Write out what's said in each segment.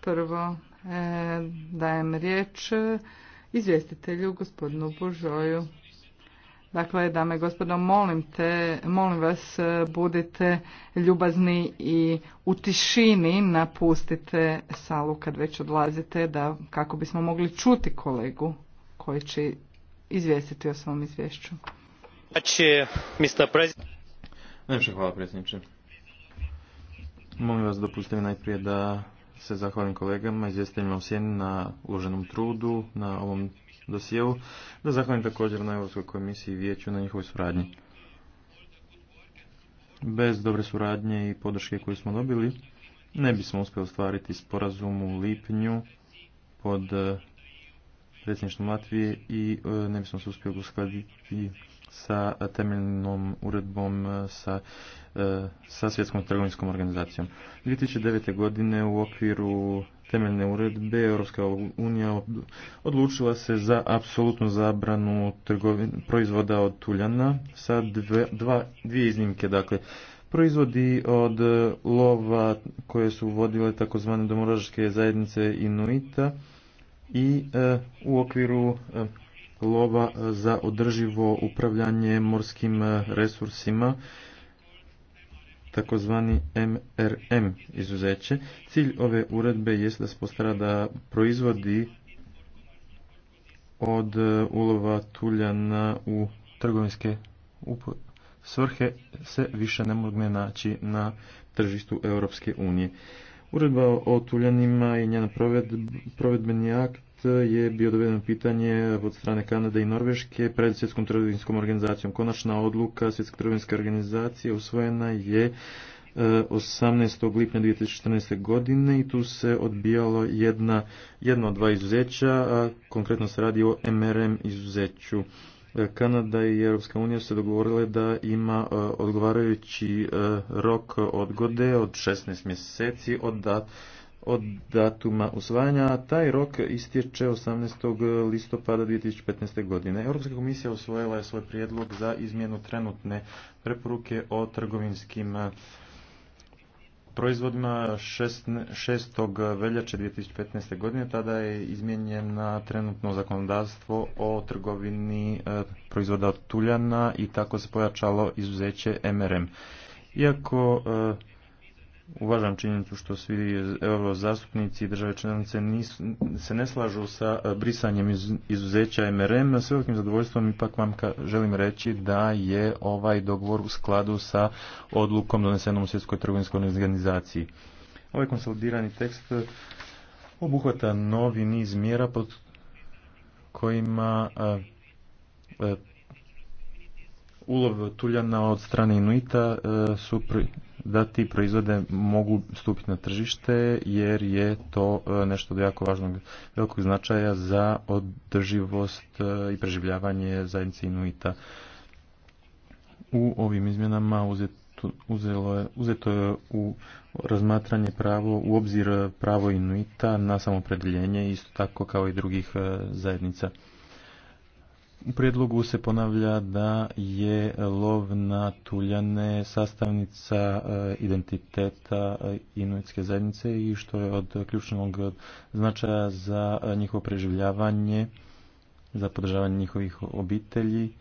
Prvo e, dajem riječ izvjestitelju gospodinu Božoju. Dakle, dame i gospodo, molim te, molim vas, budite ljubazni i u tišini napustite salu kad već odlazite, da kako bismo mogli čuti kolegu koji će izvijestiti o svom izvješću. Znači, Najviše hvala predsjedniče. Molim vas dopustite najprije da se zahvalim kolegama, izvjestiteljima u Sjeni na uloženom trudu, na ovom dosjeu. da zahvalim također na Europskoj komisiji i vijeću na njihovoj suradnji. Bez dobre suradnje i podrške koju smo dobili, ne bismo uspjeli ostvariti sporazum u lipnju pod eh, predsjedništvom Latvije i eh, ne bismo se uspjeli uskladiti sa temeljnom uredbom eh, sa E, sa svjetskom trgovinskom organizacijom. 2009. godine u okviru temeljne uredbe Europska unija odlučila se za apsolutnu zabranu proizvoda od tuljana sa dva, dvije iznimke. Dakle, proizvodi od lova koje su vodile takozvane domoražske zajednice Inuita i e, u okviru e, lova za održivo upravljanje morskim resursima takozvani MRM izuzeće. Cilj ove uredbe jest da se postara da proizvodi od e, ulova tuljana u trgovinske svrhe se više ne mogne naći na tržištu Europske unije. Uredba o tuljanima i njena provedbeni akt je bio dovedeno pitanje od strane Kanade i Norveške pred svjetskom trgovinskom organizacijom. Konačna odluka svjetske trgovinske organizacije usvojena je 18. E, lipnja 2014. godine i tu se odbijalo jedna, jedno od dva izuzeća, a konkretno se radi o MRM izuzeću. E, Kanada i Europska unija se dogovorile da ima e, odgovarajući rok odgode od 16 mjeseci od da od datuma usvajanja. Taj rok istječe 18. listopada 2015. godine. Europska komisija osvojila je svoj prijedlog za izmjenu trenutne preporuke o trgovinskim eh, proizvodima 6. veljače 2015. godine. Tada je na trenutno zakonodavstvo o trgovini eh, proizvoda tuljana i tako se pojačalo izuzeće MRM. Iako eh, uvažam činjenicu što svi eurozastupnici i države članice se ne slažu sa e, brisanjem izuzeća MRM. S velikim zadovoljstvom ipak vam želim reći da je ovaj dogovor u skladu sa odlukom donesenom u Svjetskoj trgovinskoj organizaciji. Ovaj konsolidirani tekst obuhvata novi niz mjera pod kojima e, e, ulov tuljana od strane Inuita su pri da ti proizvode mogu stupiti na tržište jer je to e, nešto od jako važnog velikog značaja za održivost e, i preživljavanje zajednice Inuita. U ovim izmjenama uzeto, je, uzeto je u razmatranje pravo, u obzir pravo Inuita na samopredeljenje, isto tako kao i drugih e, zajednica. U prijedlogu se ponavlja da je lov na tuljane sastavnica e, identiteta e, inuitske zajednice i što je od ključnog značaja za njihovo preživljavanje, za podržavanje njihovih obitelji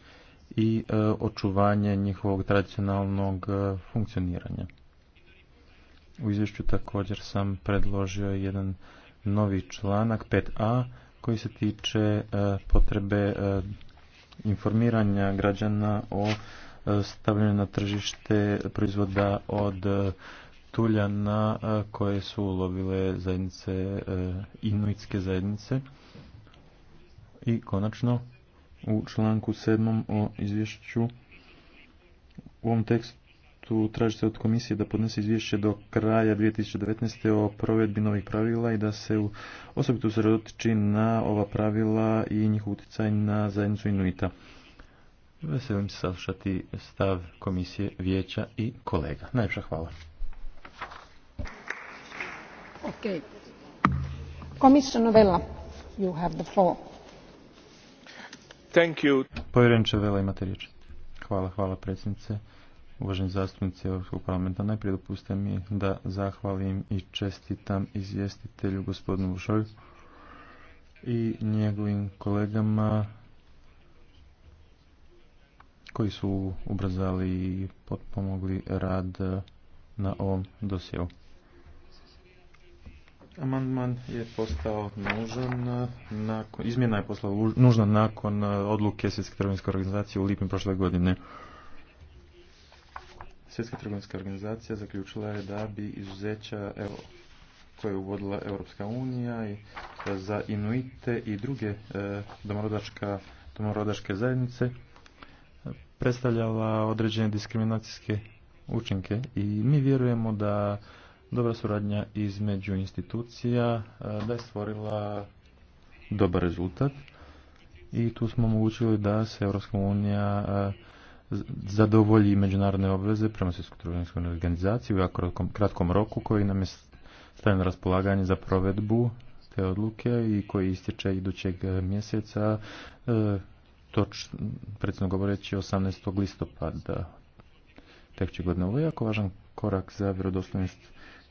i e, očuvanje njihovog tradicionalnog funkcioniranja. U izvješću također sam predložio jedan novi članak 5a koji se tiče potrebe informiranja građana o e, stavljanju na tržište proizvoda od e, tuljana e, koje su ulovile zajednice, inuitske zajednice. I konačno, u članku 7. o izvješću u ovom tekstu Traži tražite od komisije da podnese izvješće do kraja 2019. o provedbi novih pravila i da se osobito usredotiči na ova pravila i njih utjecaj na zajednicu Inuita. Veselim se saslušati stav komisije vijeća i kolega. Najljepša hvala. Vela, you have the floor. Thank you. Povjerenče Vela imate riječ. Hvala, hvala predsjednice uvaženi zastupnici Europskog parlamenta. Najprije dopustite mi da zahvalim i čestitam izvjestitelju gospodinu Bušoju i njegovim kolegama koji su ubrzali i potpomogli rad na ovom dosjeu. Amandman je postao nužan, nakon, izmjena je postala nužna nakon odluke Svjetske trgovinske organizacije u lipnju prošle godine. Svjetska trgovinska organizacija zaključila je da bi izuzeća evo, koje je uvodila Europska unija i e, za Inuite i druge e, domorodačka, domorodačke zajednice e, predstavljala određene diskriminacijske učinke i mi vjerujemo da dobra suradnja između institucija da je stvorila dobar rezultat i tu smo omogućili da se Europska unija zadovolji međunarodne obveze prema Svjetskoj trgovinskoj organizaciji u kratkom roku koji nam je stavljen na raspolaganje za provedbu te odluke i koji ističe idućeg e, mjeseca, e, točno, precizno govoreći 18. listopada tekuće godine. Ovo je jako važan korak za vjerodostojnost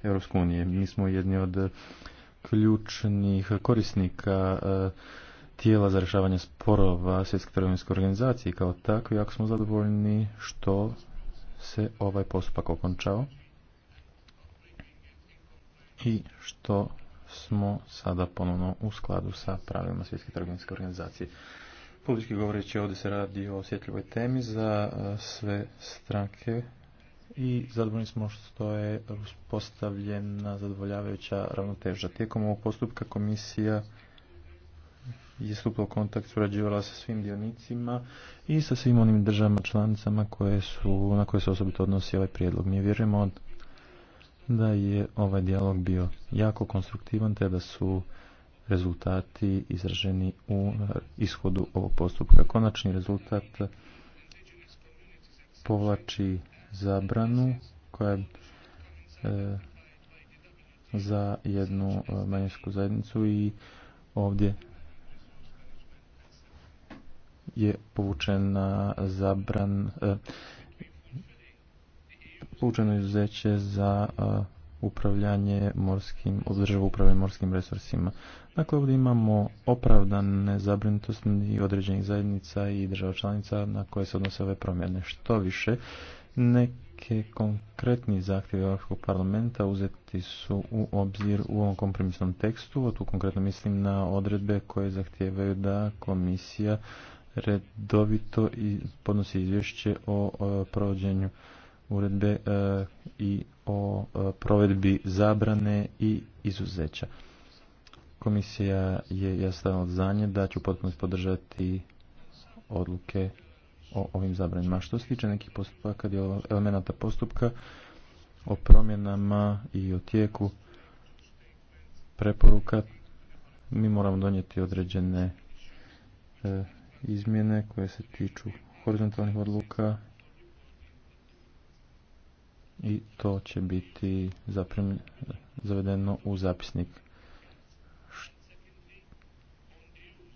Europske unije. Mi smo jedni od ključnih korisnika e, tijela za rješavanje sporova Svjetske trgovinske organizacije kao tako jako smo zadovoljni što se ovaj postupak okončao i što smo sada ponovno u skladu sa pravilima Svjetske trgovinske organizacije. Politički govoreći ovdje se radi o osjetljivoj temi za e, sve stranke i zadovoljni smo što je postavljena zadovoljavajuća ravnoteža. Tijekom ovog postupka komisija je stupila kontakt, surađivala sa svim dionicima i sa svim onim državama članicama koje su, na koje se osobito odnosi ovaj prijedlog. Mi vjerujemo da je ovaj dijalog bio jako konstruktivan te da su rezultati izraženi u ishodu ovog postupka. Konačni rezultat povlači zabranu koja je za jednu e, manjinsku zajednicu i ovdje je povučena zabran e, povučeno izuzeće za e, upravljanje morskim, održavu upravljanje morskim resursima. Dakle, ovdje imamo opravdane zabrinutosti i određenih zajednica i država članica na koje se odnose ove promjene. Što više, neke konkretni zahtjevi Europskog parlamenta uzeti su u obzir u ovom kompromisnom tekstu. a tu konkretno mislim na odredbe koje zahtijevaju da komisija redovito podnosi izvješće o provođenju uredbe e, i o e, provedbi zabrane i izuzeća. Komisija je jasna od zanje da ću potpuno podržati odluke o ovim zabranjima. Što se tiče nekih postupaka, elemenata postupka, o promjenama i o tijeku preporuka, mi moramo donijeti određene e, izmjene koje se tiču horizontalnih odluka i to će biti zavedeno u zapisnik.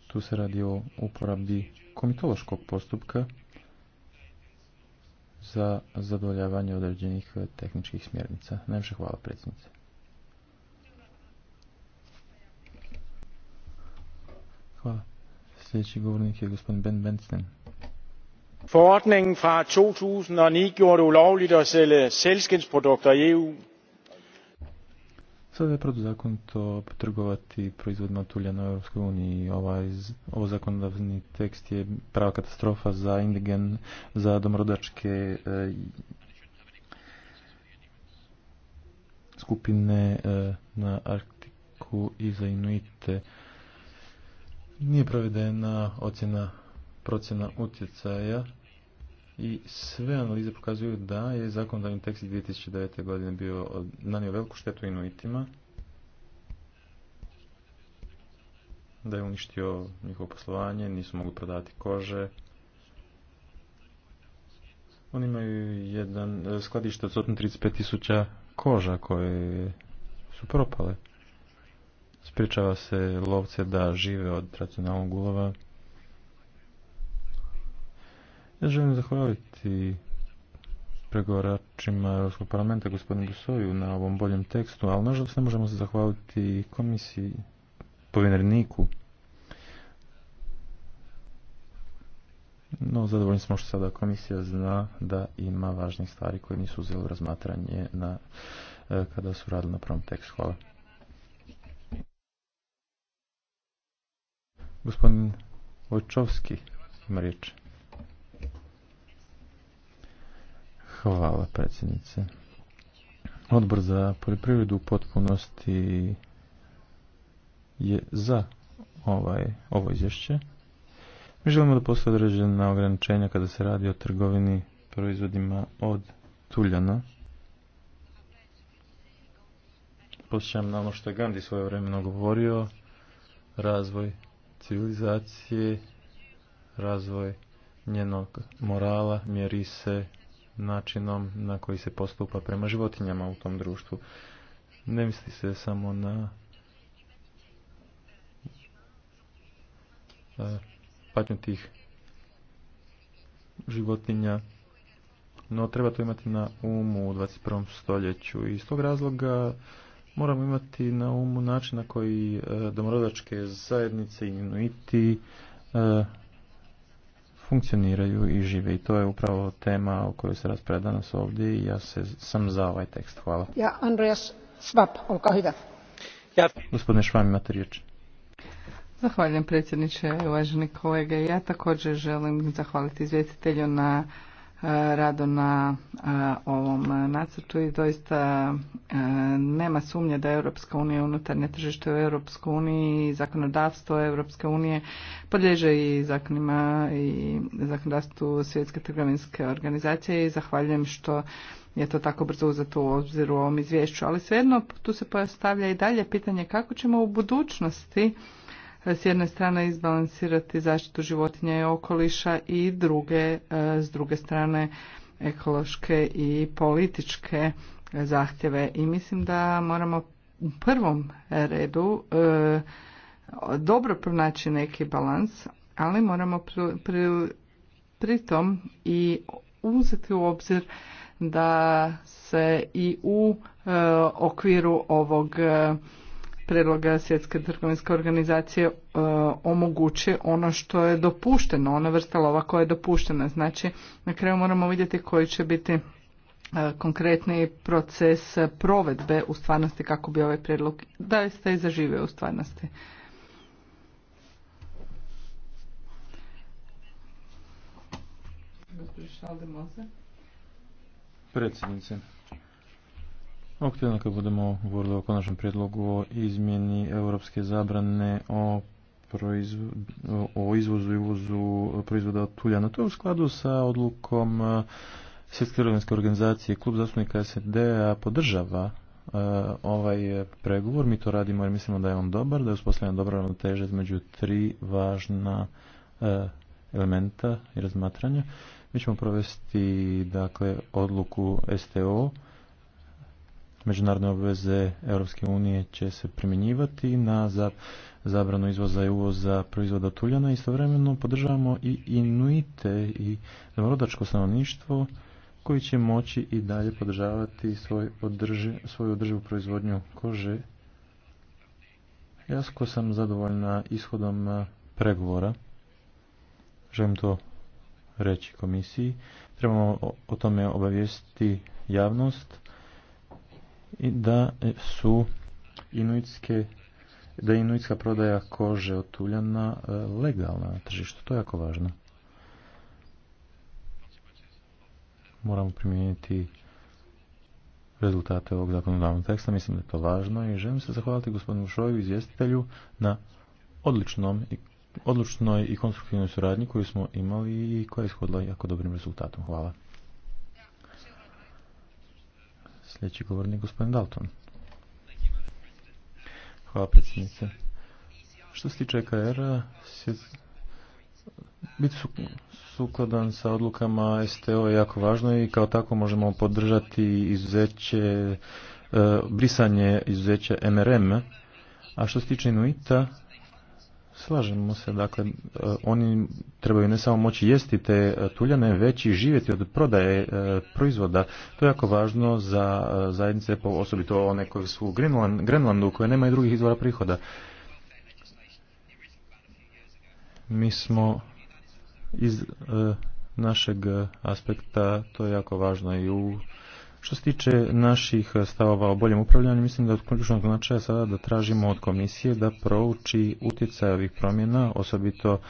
Tu se radi o uporabi komitološkog postupka za zadovoljavanje određenih tehničkih smjernica. Najviše hvala predsjednice. Hvala. Sljedeći govornik je gospodin Ben Benstein. Forordningen fra 2009 gjorde det ulovligt at sælge selskabsprodukter i EU. Sada je protuzakonito trgovati proizvodima tuljana na Europskoj uniji. Ovaj, ovo zakonodavni tekst je prava katastrofa za indigen, za domrodačke e, skupine e, na Arktiku i za Inuite. Nije provedena ocjena procjena utjecaja i sve analize pokazuju da je zakonodavni tekst 2009. godine bio nanio veliku štetu inuitima, da je uništio njihovo poslovanje, nisu mogli prodati kože. Oni imaju jedan skladište od 135.000 koža koje su propale. Spričava se lovce da žive od tradicionalnog ulova. Ja želim zahvaliti pregovoračima Europskog parlamenta gospodinu Dusoju, na ovom boljem tekstu, ali nažalost ne možemo se zahvaliti komisiji povjereniku. No, zadovoljni smo što sada komisija zna da ima važnih stvari koje nisu uzeli razmatranje na, eh, kada su radili na prvom tekstu. Hvala. Gospodin Vojčovski ima riječ. Hvala predsjednice. Odbor za poljoprivredu u potpunosti je za ovaj, ovo izvješće. Mi želimo da postoje određena ograničenja kada se radi o trgovini proizvodima od tuljana. Posjećam na ono što je Gandhi svoje vremeno govorio, razvoj civilizacije, razvoj njenog morala mjeri se načinom na koji se postupa prema životinjama u tom društvu. Ne misli se samo na patnju životinja, no treba to imati na umu u 21. stoljeću i iz tog razloga moramo imati na umu način na koji e, domorodačke zajednice i inuiti e, funkcioniraju i žive i to je upravo tema o kojoj se raspreda danas ovdje i ja se sam za ovaj tekst. Hvala. Ja, Andreas Schwab, olka hida. Ja. Gospodine Švam, imate riječ. Zahvaljujem predsjedniče, uvaženi kolege. Ja također želim zahvaliti izvjetitelju na rado na e, ovom nacrtu i doista e, nema sumnje da Europska unija unutarnje tržište u Europskoj uniji i zakonodavstvo Europske unije podliježe i zakonima i zakonodavstvu svjetske trgovinske organizacije i zahvaljujem što je to tako brzo uzeto u obzir u ovom izvješću, ali svejedno tu se postavlja i dalje pitanje kako ćemo u budućnosti s jedne strane izbalansirati zaštitu životinja i okoliša i druge, e, s druge strane ekološke i političke zahtjeve. I mislim da moramo u prvom redu e, dobro pronaći neki balans, ali moramo pri, pritom i uzeti u obzir da se i u e, okviru ovog Predloga Svjetske trgovinske organizacije e, omogući ono što je dopušteno, ona vrsta lova koja je dopuštena. Znači, na kraju moramo vidjeti koji će biti e, konkretni proces provedbe u stvarnosti kako bi ovaj prijedlog ste i zaživio u stvarnosti. Predsjednice, Ovog tjedna kad budemo govorili o konačnom prijedlogu o izmjeni europske zabrane o proizv... o izvozu i uvozu proizvoda od tuljana. To je u skladu sa odlukom e, Svjetske trgovinske organizacije. Klub zastupnika SED-a podržava e, ovaj pregovor. Mi to radimo jer mislimo da je on dobar, da je uspostavljena dobra ravnoteža između tri važna e, elementa i razmatranja. Mi ćemo provesti dakle, odluku STO međunarodne obveze Europske unije će se primjenjivati na zabranu izvoza i uvoza proizvoda tuljana. Istovremeno podržavamo i inuite i domorodačko stanovništvo koji će moći i dalje podržavati svoj održi, svoju održivu proizvodnju kože. Jasko sam zadovoljna ishodom eh, pregovora. Želim to reći komisiji. Trebamo o tome obavijestiti javnost da su inuitske da je inuitska prodaja kože od tuljana e, legalna na tržištu. To je jako važno. Moramo primijeniti rezultate ovog zakonodavnog teksta. Mislim da je to važno i želim se zahvaliti gospodinu Šoju, izvjestitelju, na odličnom i odlučnoj i konstruktivnoj suradnji koju smo imali i koja je ishodila jako dobrim rezultatom. Hvala. Sljedeći govornik gospodin Dalton. Hvala predsjednice. Što se tiče EKR-a, biti sukladan sa odlukama STO je jako važno i kao tako možemo podržati izuzeće, e, brisanje izuzeća MRM. A što se tiče Inuita, Slažemo se, dakle, e, oni trebaju ne samo moći jesti te e, tuljane, već i živjeti od prodaje e, proizvoda. To je jako važno za zajednice, osobito one koje su u Grenlandu, koje nemaju drugih izvora prihoda. Mi smo iz našeg aspekta, to je jako važno i u što se tiče naših stavova o boljem upravljanju, mislim da je od ključnog značaja sada da tražimo od komisije da prouči utjecaj ovih promjena, osobito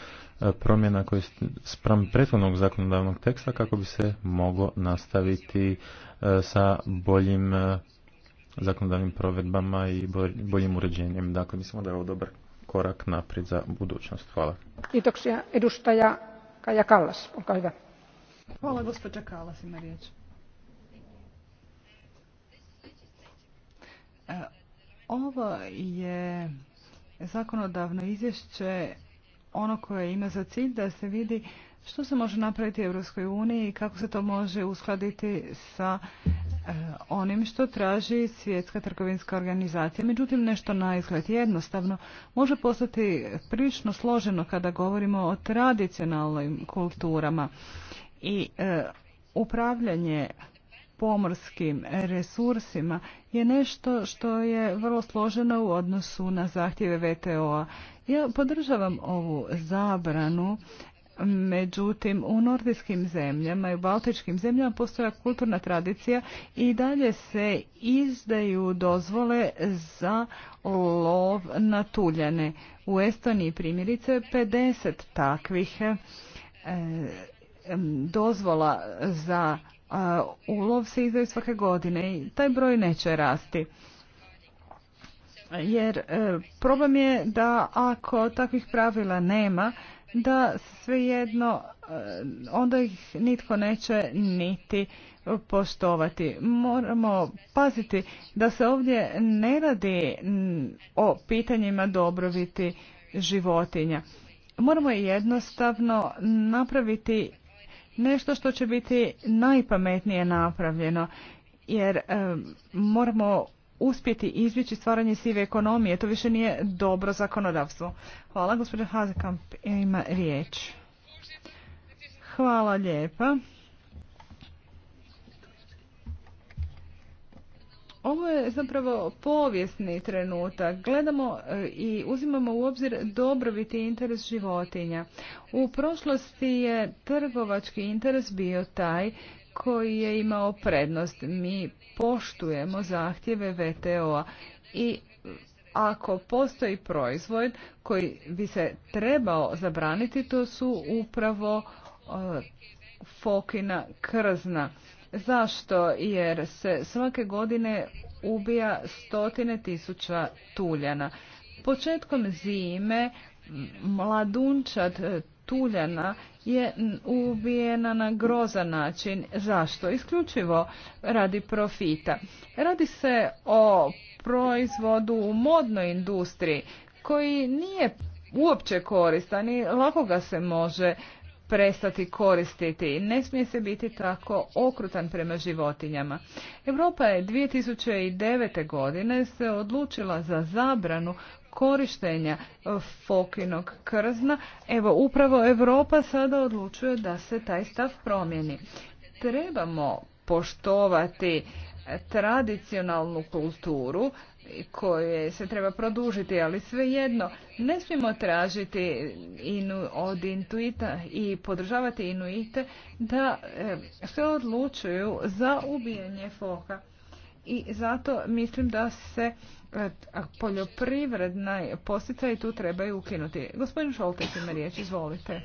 e, promjena koje spram prethodnog zakonodavnog teksta kako bi se moglo nastaviti e, sa boljim e, zakonodavnim provedbama i boljim uređenjem. Dakle, mislimo da je ovo dobar korak naprijed za budućnost. Hvala. Kiitoksia edustaja Kaja Kallas, Hvala gospođa Kalas, ima riječ. E, ovo je zakonodavno izvješće ono koje ima za cilj da se vidi što se može napraviti u Europskoj uniji i kako se to može uskladiti sa e, onim što traži svjetska trgovinska organizacija. Međutim, nešto na izgled jednostavno može postati prilično složeno kada govorimo o tradicionalnim kulturama i e, upravljanje pomorskim resursima je nešto što je vrlo složeno u odnosu na zahtjeve VTO-a. Ja podržavam ovu zabranu Međutim, u nordijskim zemljama i u baltičkim zemljama postoja kulturna tradicija i dalje se izdaju dozvole za lov na tuljane. U Estoniji primjerice 50 takvih e, dozvola za ulov se izdaju svake godine i taj broj neće rasti. Jer e, problem je da ako takvih pravila nema, da svejedno e, onda ih nitko neće niti poštovati. Moramo paziti da se ovdje ne radi o pitanjima dobrobiti životinja. Moramo jednostavno napraviti nešto što će biti najpametnije napravljeno jer e, moramo uspjeti izbjeći stvaranje sive ekonomije. To više nije dobro zakonodavstvo. Hvala, gospođa Hazekamp ima riječ. Hvala lijepa. Ovo je zapravo povijesni trenutak. Gledamo e, i uzimamo u obzir dobrobiti interes životinja. U prošlosti je trgovački interes bio taj koji je imao prednost. Mi poštujemo zahtjeve VTO-a i ako postoji proizvod koji bi se trebao zabraniti, to su upravo e, fokina krzna. Zašto? Jer se svake godine ubija stotine tisuća tuljana. Početkom zime mladunčad tuljana je ubijena na grozan način. Zašto? Isključivo radi profita. Radi se o proizvodu u modnoj industriji koji nije uopće koristan i lako ga se može prestati koristiti. Ne smije se biti tako okrutan prema životinjama. Europa je 2009. godine se odlučila za zabranu korištenja e, fokinog krzna. Evo, upravo Europa sada odlučuje da se taj stav promijeni. Trebamo poštovati tradicionalnu kulturu, koje se treba produžiti, ali svejedno ne smijemo tražiti od intuita i podržavati inuite da e, se odlučuju za ubijanje foka. I zato mislim da se e, poljoprivredna postica i tu trebaju ukinuti. Gospodin Šoltek ima riječ, izvolite.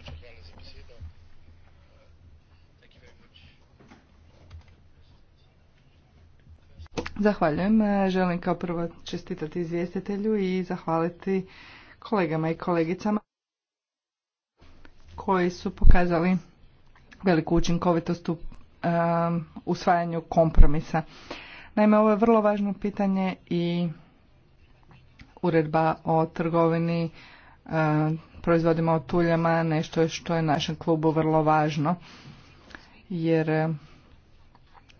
Zahvaljujem. E, želim kao prvo čestitati izvjestitelju i zahvaliti kolegama i kolegicama koji su pokazali veliku učinkovitost u e, usvajanju kompromisa. Naime, ovo je vrlo važno pitanje i uredba o trgovini e, proizvodima od tuljama nešto što je našem klubu vrlo važno jer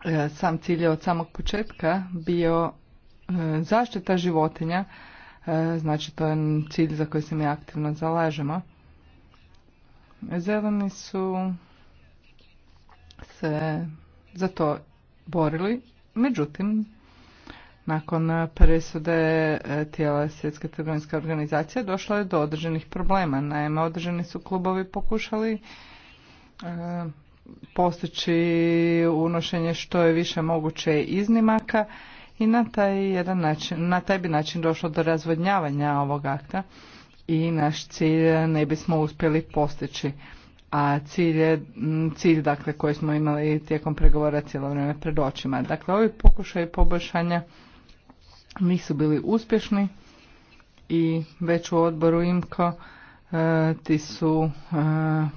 E, sam cilj je od samog početka bio e, zaštita životinja, e, znači to je cilj za koji se mi aktivno zalažemo. Zeleni su se za to borili, međutim, nakon presude tijela Svjetske trgovinske organizacije došlo je do određenih problema. Naime, određeni su klubovi pokušali postići unošenje što je više moguće iznimaka i na taj, jedan način, na taj bi način došlo do razvodnjavanja ovog akta i naš cilj ne bismo uspjeli postići. A cilj, je, cilj dakle, koji smo imali tijekom pregovora cijelo vrijeme pred očima. Dakle, ovi pokušaj poboljšanja nisu bili uspješni i već u odboru IMKO e, ti su e,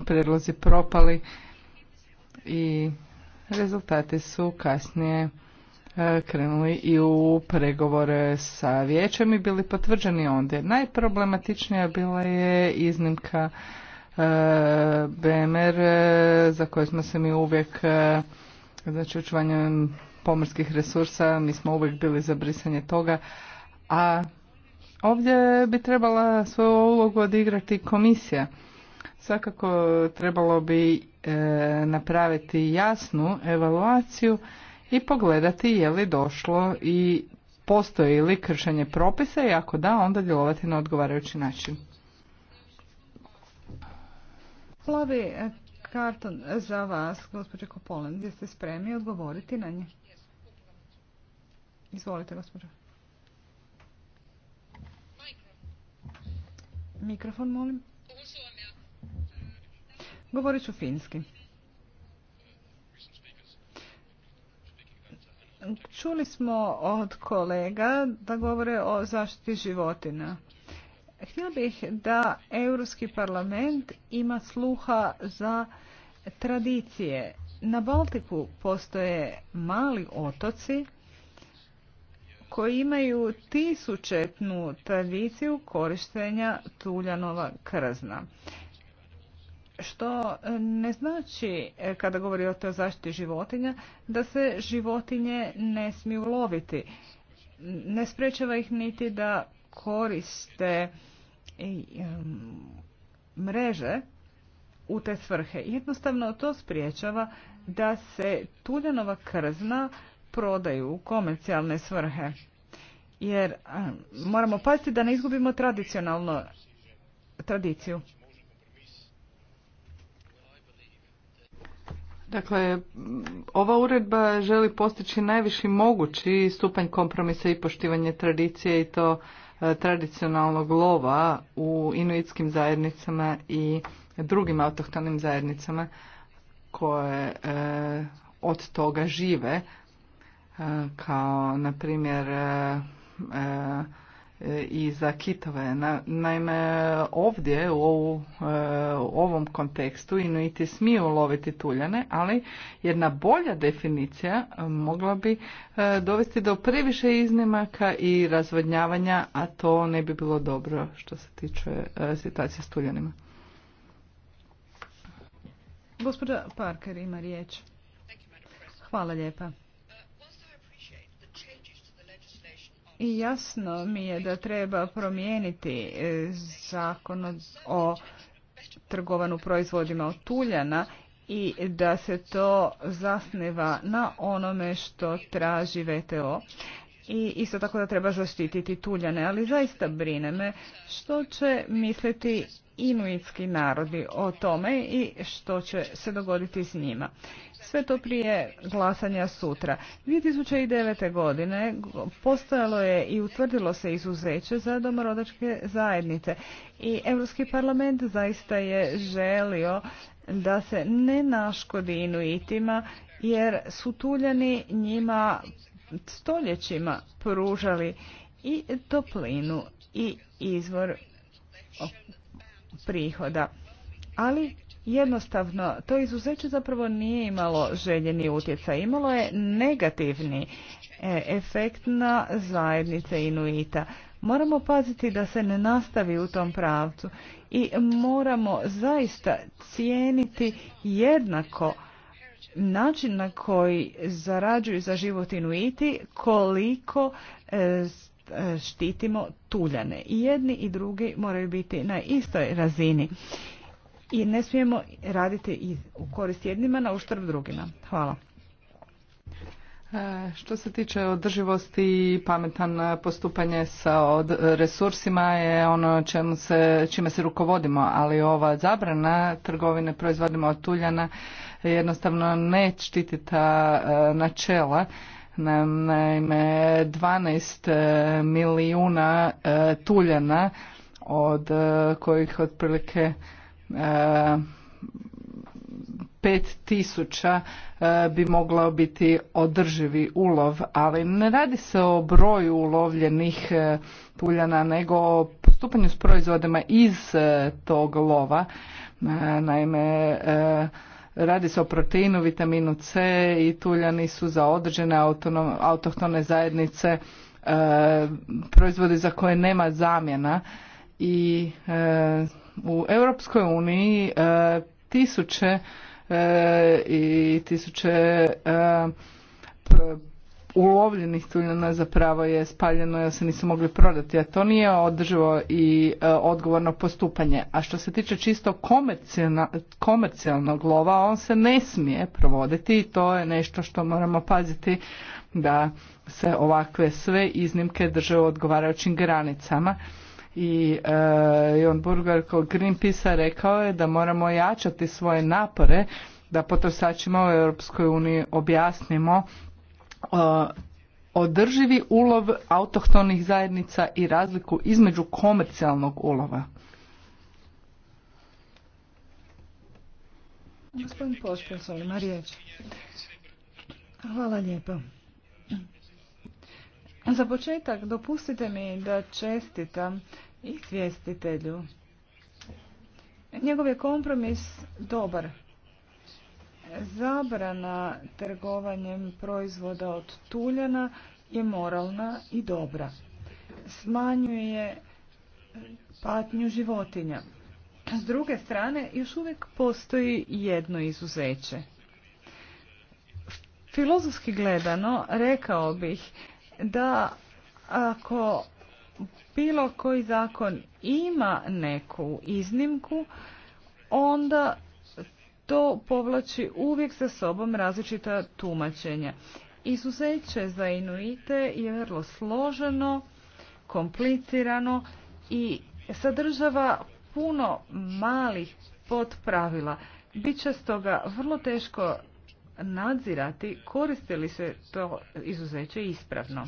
predlozi propali i rezultati su kasnije e, krenuli i u pregovore sa vijećem i bili potvrđeni ondje. Najproblematičnija bila je iznimka e, BMR e, za koju smo se mi uvijek znači očuvanjem pomorskih resursa, mi smo uvijek bili za brisanje toga, a ovdje bi trebala svoju ulogu odigrati komisija. Svakako trebalo bi e, napraviti jasnu evaluaciju i pogledati je li došlo i postoji li kršenje propisa i ako da, onda djelovati na odgovarajući način. Plavi e, karton za vas, gospođo Kopolan, gdje ste spremni odgovoriti na nje. Izvolite, gospođo. Mikrofon, molim. Govorit ću finski. Čuli smo od kolega da govore o zaštiti životina. Htjela bih da Europski parlament ima sluha za tradicije. Na Baltiku postoje mali otoci koji imaju tisućetnu tradiciju korištenja tuljanova krzna što e, ne znači e, kada govori o toj zaštiti životinja da se životinje ne smiju loviti. Ne sprečava ih niti da koriste e, mreže u te svrhe. Jednostavno to spriječava da se tuljanova krzna prodaju u komercijalne svrhe. Jer moramo paziti da ne izgubimo tradicionalno tradiciju. Dakle, ova uredba želi postići najviši mogući stupanj kompromisa i poštivanje tradicije i to e, tradicionalnog lova u inuitskim zajednicama i drugim autohtonim zajednicama koje e, od toga žive e, kao na primjer i za kitove. Naime, ovdje u, e, ovom kontekstu inuiti smiju loviti tuljane, ali jedna bolja definicija mogla bi e, dovesti do previše iznimaka i razvodnjavanja, a to ne bi bilo dobro što se tiče e, situacije s tuljanima. Gospođa Parker ima riječ. Hvala lijepa. I jasno mi je da treba promijeniti e, zakon o trgovanu proizvodima od tuljana i da se to zasneva na onome što traži VTO. I isto tako da treba zaštititi tuljane, ali zaista brine me što će misliti inuitski narodi o tome i što će se dogoditi s njima. Sve to prije glasanja sutra. 2009. godine postojalo je i utvrdilo se izuzeće za domorodačke zajednice i Europski parlament zaista je želio da se ne naškodi inuitima jer su tuljani njima stoljećima pružali i toplinu i izvor prihoda. Ali jednostavno to izuzeće zapravo nije imalo željeni utjecaj. Imalo je negativni e, efekt na zajednice Inuita. Moramo paziti da se ne nastavi u tom pravcu i moramo zaista cijeniti jednako način na koji zarađuju za život Inuiti koliko e, E, štitimo tuljane. I jedni i drugi moraju biti na istoj razini. I ne smijemo raditi u korist jednima na uštrb drugima. Hvala. E, što se tiče održivosti i pametan postupanje sa e, resursima je ono čemu se, čime se rukovodimo, ali ova zabrana trgovine proizvodima od tuljana jednostavno ne štiti ta načela Naime, 12 e, milijuna e, tuljana od e, kojih otprilike 5000 bi moglo biti održivi ulov, ali ne radi se o broju ulovljenih tuljana, nego o postupanju s proizvodima iz tog lova. Naime, Radi se o proteinu, vitaminu C i tuljani su za određene autohtone zajednice e, proizvodi za koje nema zamjena i e, u Europskoj uniji e, tisuće i tisuće ulovljenih tuljana zapravo je spaljeno jer se nisu mogli prodati, a to nije održivo i e, odgovorno postupanje. A što se tiče čisto komercijalnog lova, on se ne smije provoditi i to je nešto što moramo paziti da se ovakve sve iznimke drže u odgovarajućim granicama i e, Jon Burger kod Greenpeace rekao je da moramo jačati svoje napore da potrošačima u Europskoj uniji objasnimo održivi ulov autohtonih zajednica i razliku između komercijalnog ulova. Gospodin Hvala lijepo. Za početak dopustite mi da čestitam izvjestitelju. Njegov je kompromis dobar. Zabrana trgovanjem proizvoda od tuljana je moralna i dobra. Smanjuje patnju životinja. S druge strane, još uvijek postoji jedno izuzeće. Filozofski gledano, rekao bih da ako bilo koji zakon ima neku iznimku, onda to povlači uvijek sa sobom različita tumačenja. Izuzeće za Inuite je vrlo složeno, komplicirano i sadržava puno malih potpravila. Biće stoga vrlo teško nadzirati koriste li se to izuzeće ispravno.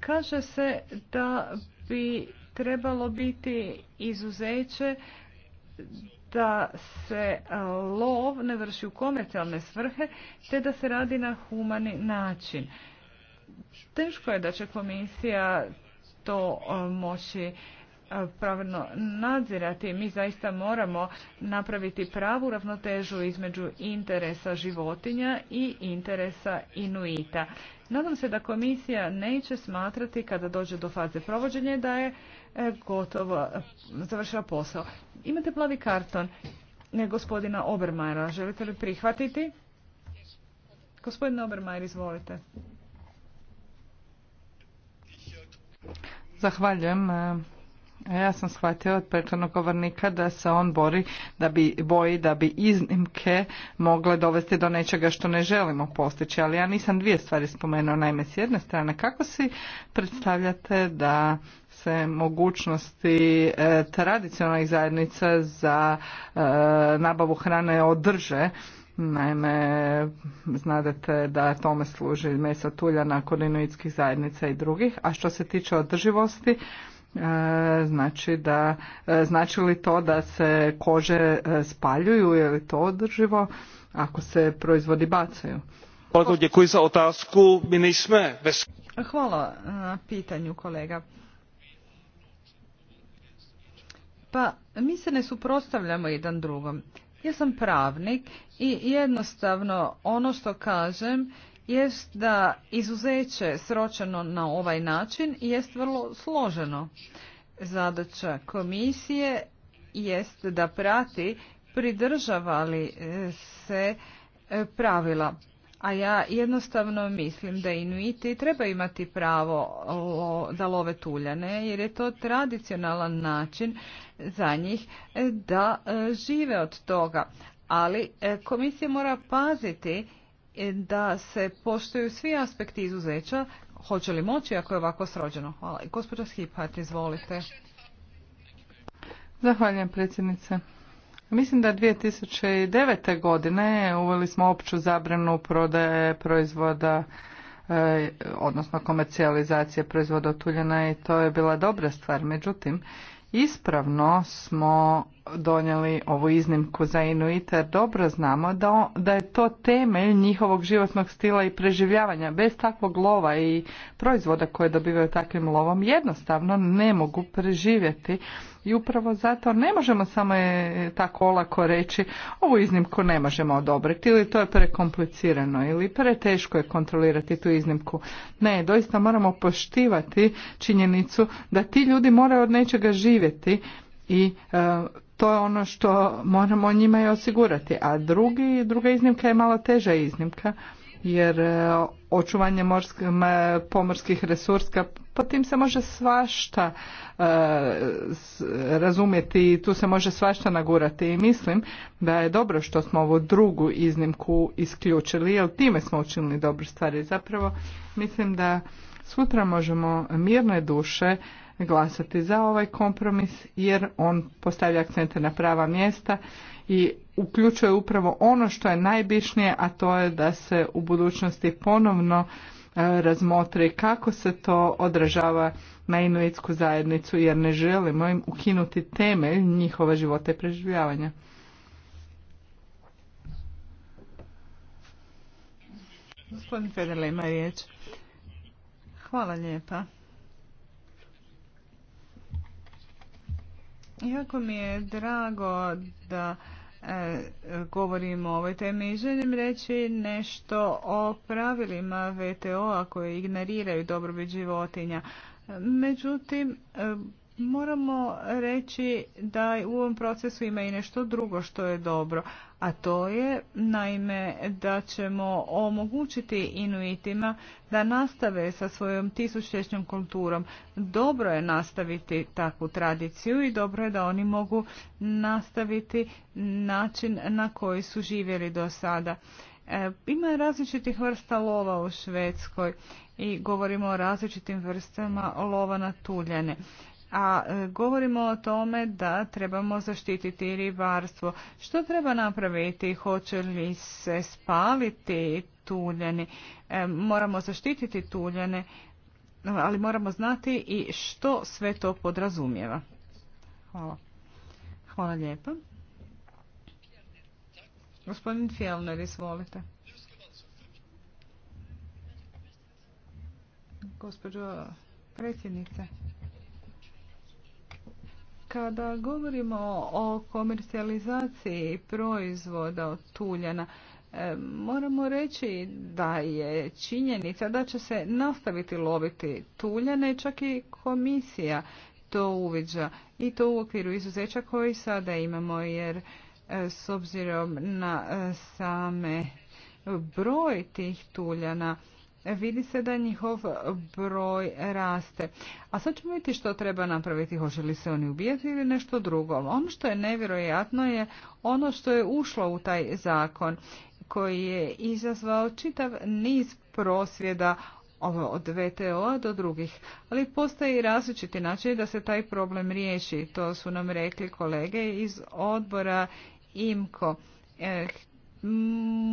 Kaže se da bi trebalo biti izuzeće da se lov ne vrši u komercijalne svrhe, te da se radi na humani način. Teško je da će komisija to moći pravno nadzirati. Mi zaista moramo napraviti pravu ravnotežu između interesa životinja i interesa inuita. Nadam se da komisija neće smatrati kada dođe do faze provođenja da je E, gotovo e, završila posao. Imate plavi karton e, gospodina Obermajera. Želite li prihvatiti? Gospodin Obermajer, izvolite. Zahvaljujem. Ja sam shvatio od prethodnog govornika da se on bori, da bi, boji da bi iznimke mogle dovesti do nečega što ne želimo postići, ali ja nisam dvije stvari spomenuo. Naime, s jedne strane, kako si predstavljate da se mogućnosti e, tradicionalnih zajednica za e, nabavu hrane održe. Naime, znadete da tome služi mesa tuljana, korinuitskih zajednica i drugih. A što se tiče održivosti, e, znači da, znači li to da se kože spaljuju, je li to održivo ako se proizvodi bacaju? Hvala za Hvala na pitanju kolega. Pa mi se ne suprotstavljamo jedan drugom. Ja sam pravnik i jednostavno ono što kažem jest da izuzeće sročeno na ovaj način jest vrlo složeno. Zadaća komisije jest da prati pridržavali e, se e, pravila a ja jednostavno mislim da Inuiti treba imati pravo da love tuljane jer je to tradicionalan način za njih e, da e, žive od toga. Ali e, komisija mora paziti da se poštuju svi aspekti izuzeća. Hoće li moći ako je ovako srođeno? Hvala. Gospođa Skipat, izvolite. Zahvaljujem predsjednice. Mislim da 2009. godine uveli smo opću zabranu prodaje proizvoda e, odnosno komercijalizacije proizvoda tuljena i to je bila dobra stvar. Međutim, ispravno smo donijeli ovu iznimku za Inuite, dobro znamo da, da je to temelj njihovog životnog stila i preživljavanja. Bez takvog lova i proizvoda koje dobivaju takvim lovom jednostavno ne mogu preživjeti. I upravo zato ne možemo samo e, tako olako reći ovu iznimku ne možemo odobriti ili to je prekomplicirano ili preteško je kontrolirati tu iznimku. Ne, doista moramo poštivati činjenicu da ti ljudi moraju od nečega živjeti i e, to je ono što moramo njima i osigurati. A drugi, druga iznimka je malo teža iznimka jer e, očuvanje morskih, pomorskih resurska, po tim se može svašta e, razumjeti i tu se može svašta nagurati i mislim da je dobro što smo ovu drugu iznimku isključili jer time smo učinili stvar. stvari. Zapravo mislim da sutra možemo mirne duše glasati za ovaj kompromis jer on postavlja akcente na prava mjesta i uključuje upravo ono što je najbišnije, a to je da se u budućnosti ponovno e, razmotri kako se to odražava na inuitsku zajednicu jer ne želimo im ukinuti temelj njihova života i preživljavanja. Gospodin Federle ima riječ. Hvala lijepa. Jako mi je drago da e, govorimo o ovoj temi i želim reći nešto o pravilima VTO-a koje ignoriraju dobrobit životinja. Međutim, e, moramo reći da u ovom procesu ima i nešto drugo što je dobro, a to je naime da ćemo omogućiti inuitima da nastave sa svojom tisućljećnom kulturom. Dobro je nastaviti takvu tradiciju i dobro je da oni mogu nastaviti način na koji su živjeli do sada. E, ima različitih vrsta lova u Švedskoj i govorimo o različitim vrstama lova na tuljane a e, govorimo o tome da trebamo zaštititi ribarstvo. Što treba napraviti? Hoće li se spaliti tuljani? E, moramo zaštititi tuljane, ali moramo znati i što sve to podrazumijeva. Hvala. Hvala lijepa. Gospodin Fjellner, izvolite. Gospođo predsjednice. Kada govorimo o komercijalizaciji proizvoda od tuljana, e, moramo reći da je činjenica da će se nastaviti loviti tuljane, čak i komisija to uviđa i to u okviru izuzeća koji sada imamo jer e, s obzirom na e, same broj tih tuljana vidi se da njihov broj raste. A sad ćemo vidjeti što treba napraviti, hoće li se oni ubijati ili nešto drugo. Ono što je nevjerojatno je ono što je ušlo u taj zakon koji je izazvao čitav niz prosvjeda od VTO-a do drugih. Ali i različiti način da se taj problem riješi. To su nam rekli kolege iz odbora IMKO. E,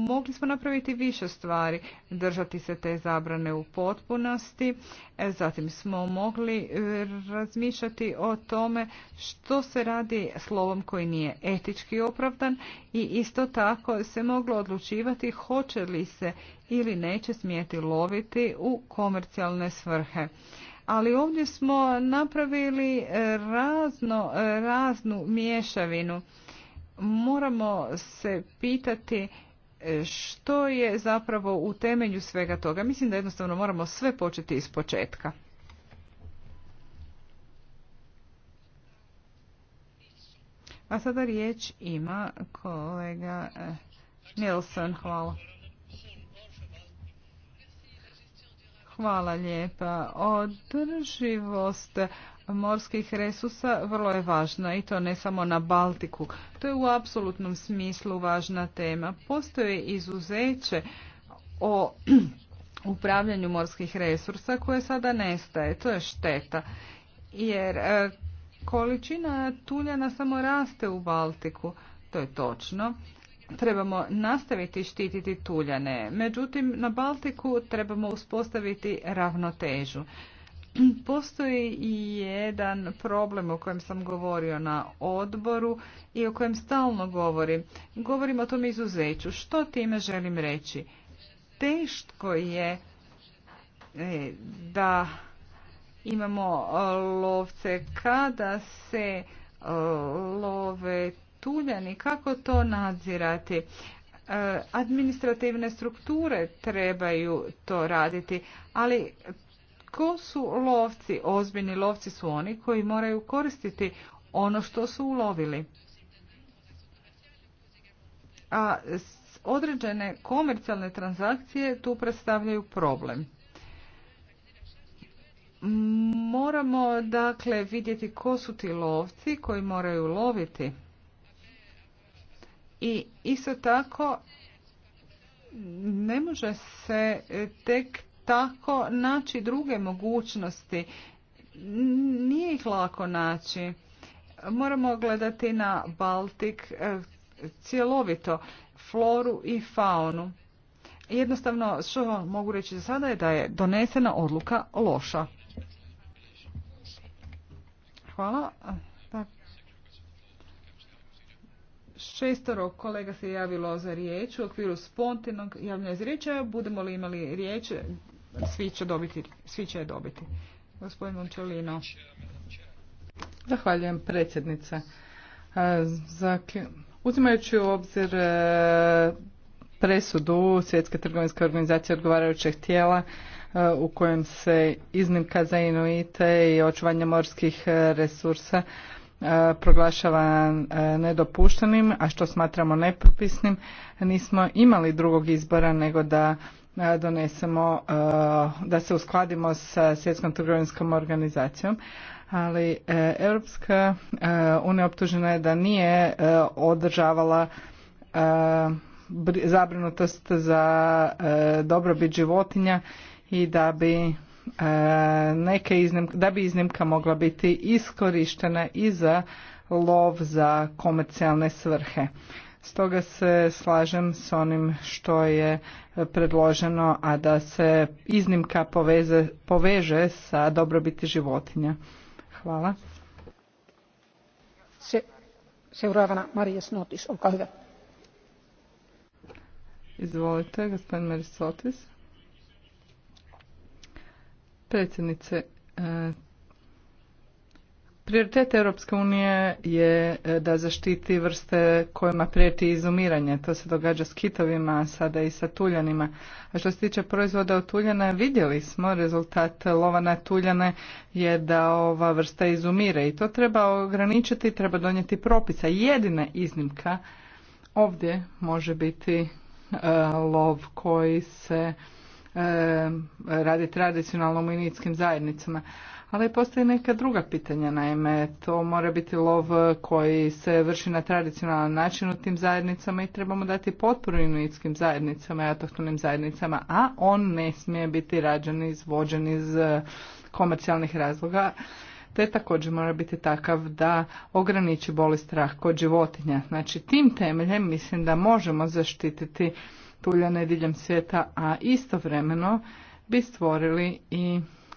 mogli smo napraviti više stvari, držati se te zabrane u potpunosti, e, zatim smo mogli e, razmišljati o tome što se radi slovom koji nije etički opravdan i isto tako se moglo odlučivati hoće li se ili neće smijeti loviti u komercijalne svrhe. Ali ovdje smo napravili e, razno, raznu mješavinu moramo se pitati e, što je zapravo u temelju svega toga. Mislim da jednostavno moramo sve početi iz početka. A sada riječ ima kolega e, Nilsson. Hvala. Hvala lijepa. Održivost morskih resursa vrlo je važna i to ne samo na Baltiku. To je u apsolutnom smislu važna tema. Postoje izuzeće o upravljanju morskih resursa koje sada nestaje. To je šteta. Jer e, količina tuljana samo raste u Baltiku. To je točno. Trebamo nastaviti štititi tuljane. Međutim, na Baltiku trebamo uspostaviti ravnotežu. Postoji i jedan problem o kojem sam govorio na odboru i o kojem stalno govorim. Govorim o tom izuzeću. Što time želim reći? Teško je e, da imamo e, lovce kada se e, love tuljani. Kako to nadzirati? administrativne strukture trebaju to raditi, ali tko su lovci? Ozbiljni lovci su oni koji moraju koristiti ono što su ulovili. A određene komercijalne transakcije tu predstavljaju problem. Moramo dakle vidjeti ko su ti lovci koji moraju loviti. I isto tako ne može se tek tako naći druge mogućnosti. Nije ih lako naći. Moramo gledati na Baltik e, cjelovito, floru i faunu. Jednostavno, što vam mogu reći za sada je da je donesena odluka loša. Hvala. Šestoro kolega se javilo za riječ u okviru spontinog javljanja za Budemo li imali riječ, svi će, dobiti, svi će je dobiti. Gospodin Mončelino. Zahvaljujem predsjednice. E, uzimajući u obzir e, presudu Svjetske trgovinske organizacije odgovarajućeg tijela e, u kojem se iznimka za inuite i očuvanje morskih resursa proglašava nedopuštenim, a što smatramo nepropisnim, nismo imali drugog izbora nego da E, donesemo, e, da se uskladimo sa svjetskom trgovinskom organizacijom, ali e, Europska unija optužena je da nije održavala zabrinutost za dobrobit životinja i da bi neke iznimka, da bi iznimka mogla biti iskorištena i za lov za komercijalne svrhe. Stoga se slažem s onim što je e, predloženo, a da se iznimka poveze, poveže sa dobrobiti životinja. Hvala. Se, Marija Snotis, olkaa hyvä. Izvolite, gospodin Marisotis. Predsjednice, e, Prioritet Europske unije je e, da zaštiti vrste kojima prijeti izumiranje. To se događa s kitovima, a sada i sa tuljanima. A što se tiče proizvoda od tuljana, vidjeli smo rezultat lova na tuljane je da ova vrsta izumire i to treba ograničiti, treba donijeti propisa. Jedina iznimka ovdje može biti e, lov koji se e, radi tradicionalno u zajednicama. Ali postoji neka druga pitanja, naime, to mora biti lov koji se vrši na tradicionalan način u tim zajednicama i trebamo dati potporu inuitskim zajednicama i autohtonim zajednicama, a on ne smije biti rađen i izvođen iz eh, komercijalnih razloga te također mora biti takav da ograniči boli strah kod životinja. Znači tim temeljem mislim da možemo zaštititi tuljane diljem svijeta, a istovremeno bi stvorili i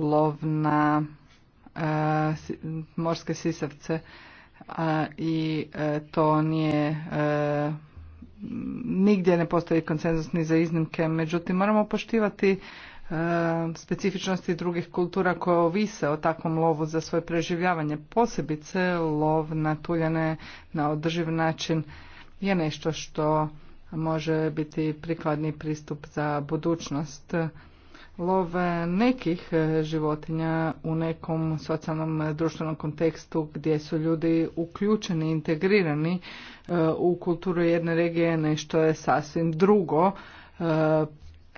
lov na e, morske sisavce a, i e, to nije e, nigdje ne postoji konsenzus ni za iznimke međutim moramo poštivati specifičnosti drugih kultura koje ovise o takvom lovu za svoje preživljavanje. Posebice lov na tuljane na održiv način je nešto što može biti prikladni pristup za budućnost lov nekih e, životinja u nekom socijalnom e, društvenom kontekstu gdje su ljudi uključeni, integrirani e, u kulturu jedne regije nešto je sasvim drugo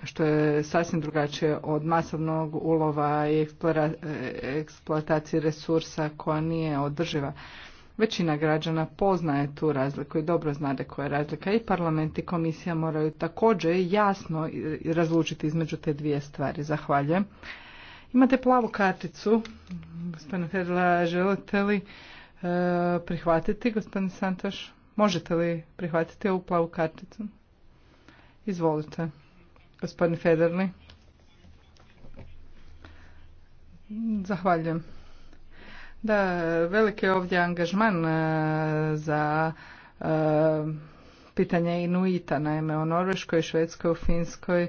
što je sasvim drugačije od masovnog ulova i eksploatacije resursa koja nije održiva. Većina građana poznaje tu razliku i dobro znade koja je razlika i parlament i komisija moraju također jasno razlučiti između te dvije stvari. Zahvaljujem. Imate plavu karticu. Gospodine Hedla, želite li e, prihvatiti, gospodine Santoš? Možete li prihvatiti ovu plavu karticu? Izvolite, gospodine Federli. Zahvaljujem. Da, veliki je ovdje angažman e, za e, pitanje Inuita. Naime, u Norveškoj, Švedskoj, u Finskoj e,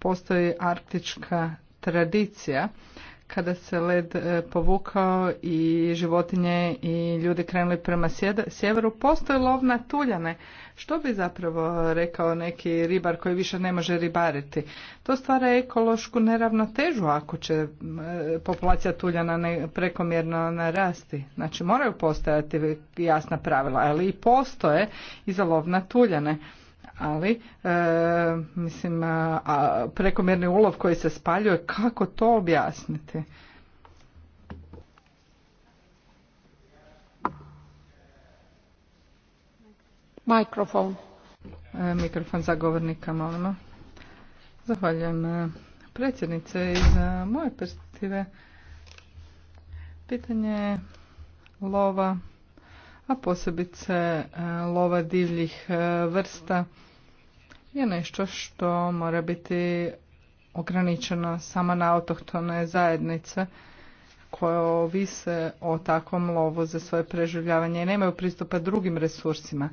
postoji arktička tradicija kada se led e, povukao i životinje i ljudi krenuli prema sjeveru, postoje lov na tuljane. Što bi zapravo rekao neki ribar koji više ne može ribariti? To stvara ekološku neravnotežu ako će e, populacija tuljana prekomjerno narasti. Znači moraju postojati jasna pravila, ali i postoje i za lov na tuljane ali e, mislim a, prekomjerni ulov koji se spaljuje kako to objasniti mikrofon e, mikrofon za govornika molimo zahvaljujem e, predsjednice iz moje perspektive pitanje lova a posebice e, lova divljih e, vrsta je nešto što mora biti ograničeno samo na autohtone zajednice koje ovise o takvom lovu za svoje preživljavanje i nemaju pristupa drugim resursima.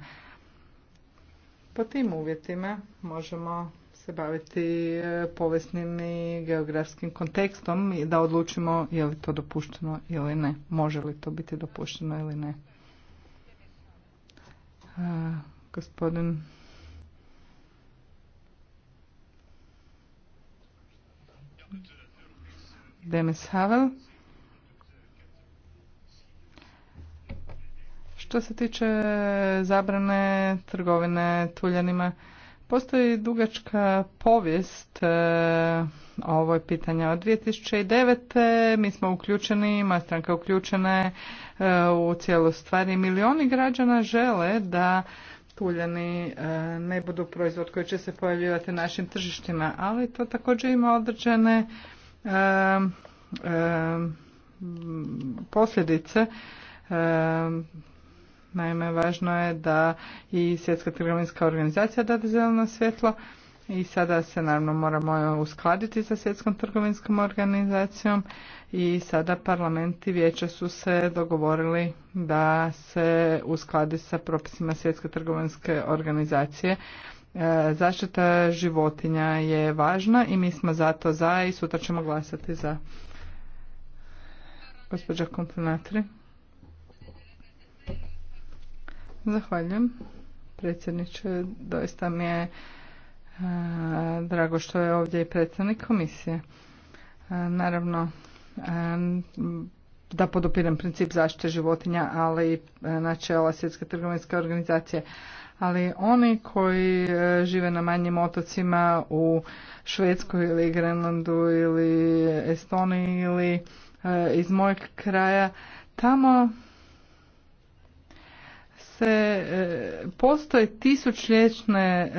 Po tim uvjetima možemo se baviti e, povijesnim i geografskim kontekstom i da odlučimo je li to dopušteno ili ne, može li to biti dopušteno ili ne gospodin Demis Havel. Što se tiče zabrane trgovine tuljanima, postoji dugačka povijest e, ovo je pitanje od 2009. Mi smo uključeni, moja stranka uključena e, u cijelu stvari. i milioni građana žele da tuljani e, ne budu proizvod koji će se pojavljivati na našim tržištima, ali to također ima određene e, posljedice Naime, važno je da i Svjetska trgovinska organizacija dade zeleno svjetlo, i sada se naravno moramo uskladiti sa svjetskom trgovinskom organizacijom i sada parlament i vijeće su se dogovorili da se uskladi sa propisima svjetske trgovinske organizacije. E, zaštita životinja je važna i mi smo zato za i sutra ćemo glasati za. Gospođa Komponatri. Zahvaljujem. Predsjedniče, doista mi je Drago što je ovdje i predstavnik komisije. Naravno, da podupiram princip zaštite životinja, ali i e, načela svjetske trgovinske organizacije. Ali oni koji e, žive na manjim otocima u Švedskoj ili Grenlandu ili Estoniji ili e, iz mojeg kraja, tamo se e, postoje tisućljetne e,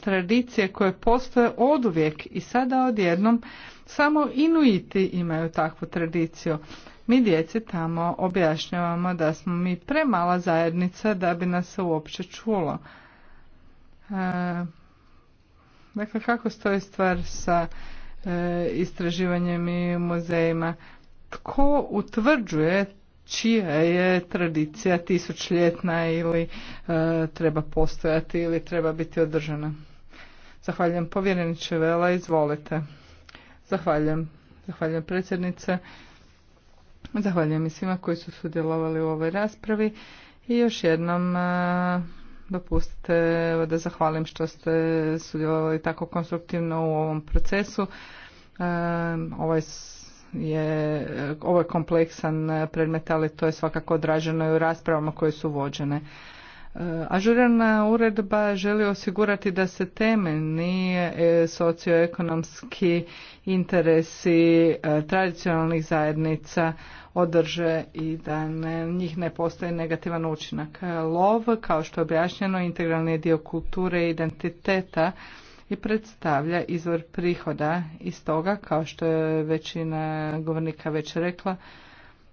tradicije koje postoje oduvijek i sada odjednom samo Inuiti imaju takvu tradiciju. Mi djeci tamo objašnjavamo da smo mi premala zajednica da bi nas se uopće čulo. E, dakle, kako stoji stvar sa e, istraživanjem i muzejima? Tko utvrđuje čija je tradicija tisućljetna ili e, treba postojati ili treba biti održana. Zahvaljujem povjereniče Vela, izvolite. Zahvaljujem. Zahvaljujem predsjednice. Zahvaljujem i svima koji su sudjelovali u ovoj raspravi i još jednom e, dopustite da zahvalim što ste sudjelovali tako konstruktivno u ovom procesu. E, ovaj je, eh, ovo je kompleksan eh, predmet, ali to je svakako odraženo i u raspravama koje su vođene. Eh, Ažurana uredba želi osigurati da se temeljni socioekonomski interesi tradicionalnih zajednica održe i da ne, njih ne postoji negativan učinak. Lov, kao što je objašnjeno, integralni dio kulture i identiteta i predstavlja izvor prihoda iz toga, kao što je većina govornika već rekla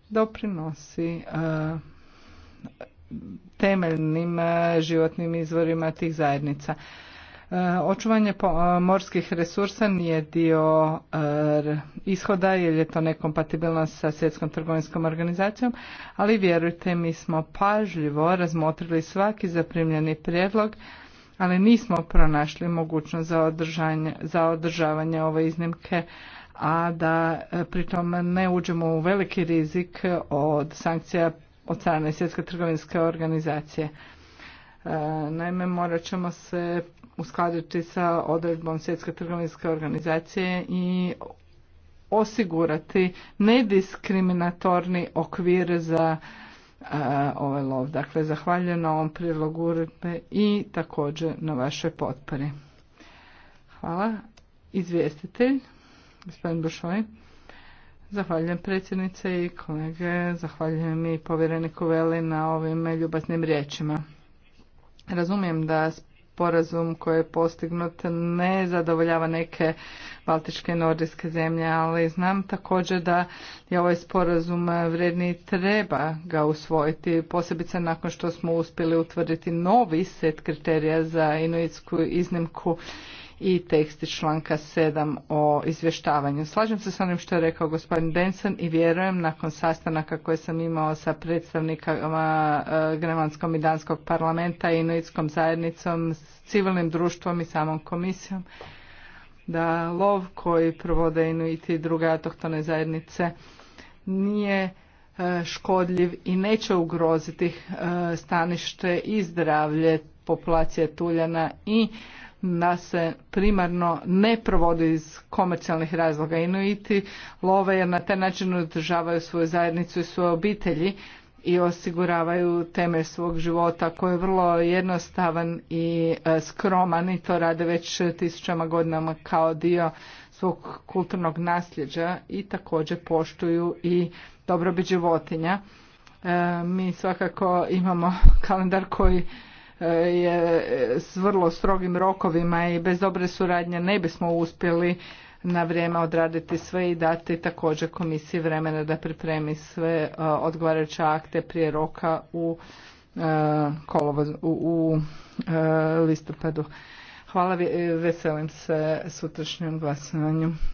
doprinosi e, temeljnim e, životnim izvorima tih zajednica. E, očuvanje morskih resursa nije dio ishoda jer je to nekompatibilno sa svjetskom trgovinskom organizacijom, ali vjerujte mi smo pažljivo razmotrili svaki zaprimljeni prijedlog, ali nismo pronašli mogućnost za, održanje, za održavanje ove iznimke, a da e, pritom ne uđemo u veliki rizik od sankcija od strane Svjetske trgovinske organizacije. E, naime, morat ćemo se uskladiti sa odredbom Svjetske trgovinske organizacije i osigurati nediskriminatorni okvir za ovaj lov. Dakle, zahvaljujem na ovom prilogu uredbe i također na vašoj potpori. Hvala. Izvjestitelj, gospodin Bušoj. Zahvaljujem predsjednice i kolege, zahvaljujem i povjereniku Veli na ovim ljubaznim riječima. Razumijem da sporazum koji je postignut ne zadovoljava neke baltičke i nordijske zemlje, ali znam također da je ovaj sporazum vredni i treba ga usvojiti, posebice nakon što smo uspjeli utvrditi novi set kriterija za inuitsku iznimku i tekst članka 7 o izvještavanju. Slažem se s onim što je rekao gospodin Benson i vjerujem nakon sastanaka koje sam imao sa predstavnikama e, Grenlandskog i Danskog parlamenta i Inuitskom zajednicom, civilnim društvom i samom komisijom, da lov koji provode Inuiti i druge autohtone zajednice nije e, škodljiv i neće ugroziti e, stanište i zdravlje populacije tuljana i da se primarno ne provodi iz komercijalnih razloga. Inuiti love jer na taj način održavaju svoju zajednicu i svoje obitelji i osiguravaju temelj svog života koji je vrlo jednostavan i e, skroman i to rade već tisućama godinama kao dio svog kulturnog nasljeđa i također poštuju i dobrobit životinja. E, mi svakako imamo kalendar koji E, je s vrlo strogim rokovima i bez dobre suradnje ne bismo uspjeli na vrijeme odraditi sve i dati također komisiji vremena da pripremi sve e, odgovarajuće akte prije roka u, e, u, listopadu. Hvala, veselim se sutrašnjem glasovanju.